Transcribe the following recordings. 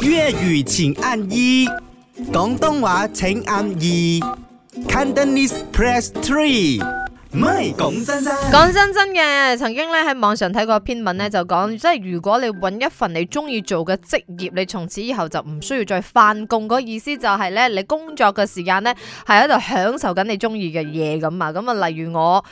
粵語請按一，廣東話請按二，Cantonese press three。唔係講真真，講真真嘅，曾經咧喺網上睇過篇文咧，就講即係如果你揾一份你中意做嘅職業，你從此以後就唔需要再返工。嗰、那個、意思就係咧，你工作嘅時間咧係喺度享受緊你中意嘅嘢咁啊，咁啊，例如我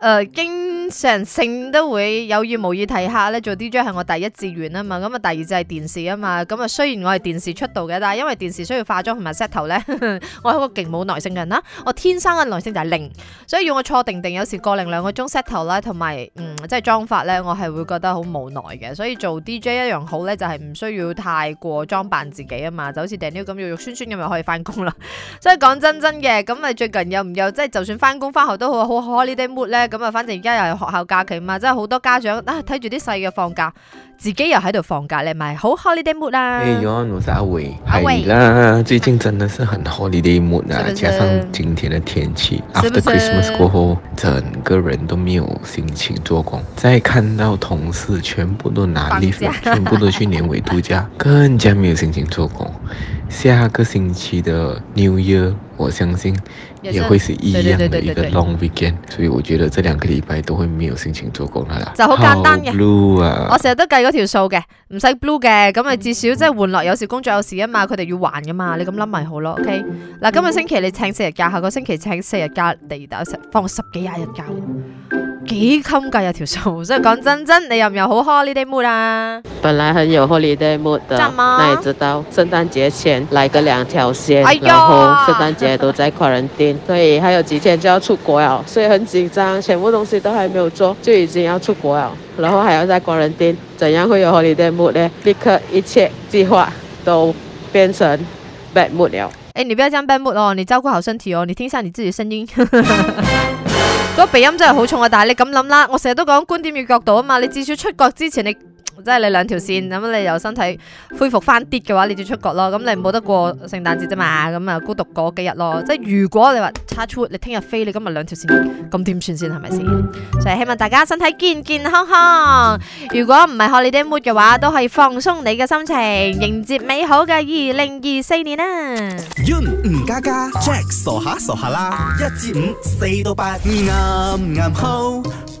誒、呃、經。常性都會有意無意睇下咧，做 DJ 係我第一志願啊嘛，咁啊第二就係電視啊嘛，咁啊雖然我係電視出道嘅，但係因為電視需要化妝同埋 set 頭咧， 我係個勁冇耐性嘅人啦，我天生嘅耐性就係零，所以要我坐定定，有時過零兩個鐘 set 頭啦，同埋嗯即係妝髮咧，我係會覺得好無奈嘅，所以做 DJ 一樣好咧，就係、是、唔需要太過裝扮自己啊嘛，就好似 Daniel 咁肉肉酸酸咁咪可以翻工啦，所以講真真嘅，咁啊最近又唔又即係就算翻工翻學都好，好 holiday mood 咧，咁啊反正而家又。學校假期嘛，真係好多家長啊，睇住啲細嘅放假，自己又喺度放假，你咪好 holiday mood 啦。最近真的是很 holiday mood 啦， 加上今天的天氣 ，After Christmas 過後， 整個人都沒有心情做工。 再看到同事全部都拿 leave 全部都去年尾度假， 更加沒有心情做工。下個星期的 New Year。我相信也會是一樣的一個 long weekend，對對對對，所以我覺得這兩個禮拜都會沒有心情做工啦。就好簡單嘅，我成日都計嗰條數嘅，唔使 blue 嘅，咁啊至少即係換落有時工作有時啊嘛，佢哋要還噶嘛，你咁諗咪好咯，ok 嗱今個星期你請四日假，下個星期請四日假，第二日放放十幾廿日假。幾襟價啊條數！真講真真，你有唔有好 holiday mood 啊？本來很有 holiday mood 的，奈知道聖誕節前來個兩條線，哎、然後聖誕節都在 quarantine，所以還有幾天就要出國了，所以很緊張，全部東西都還沒有做，就已經要出國了，然後還要在 quarantine，怎樣會有 holiday mood 呢？立刻一切計劃都變成 bad mood 了。哎，你不要這樣 bad mood 哦，你照顧好身體哦，你聽下你自己的聲音。 嗰鼻音真係好重啊！但係你咁諗啦，我成日都講觀點與角度啊嘛，你至少出國之前你。即係你兩條線咁、嗯，你由身體恢復翻啲嘅話，你就出國咯。咁、嗯、你冇得過聖誕節啫嘛，咁、嗯、啊孤獨嗰幾日咯。即係如果你話叉出，你聽日飛，你今日兩條線，咁點算先係咪先？就、嗯、係、嗯、希望大家身體健健康康。如果唔係 holiday mood 嘅話，都可以放鬆你嘅心情，迎接美好嘅二零二四年啊！Yun 家家 Jack 傻下傻下啦，一至五，四到八，啱啱好。